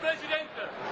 Presidente!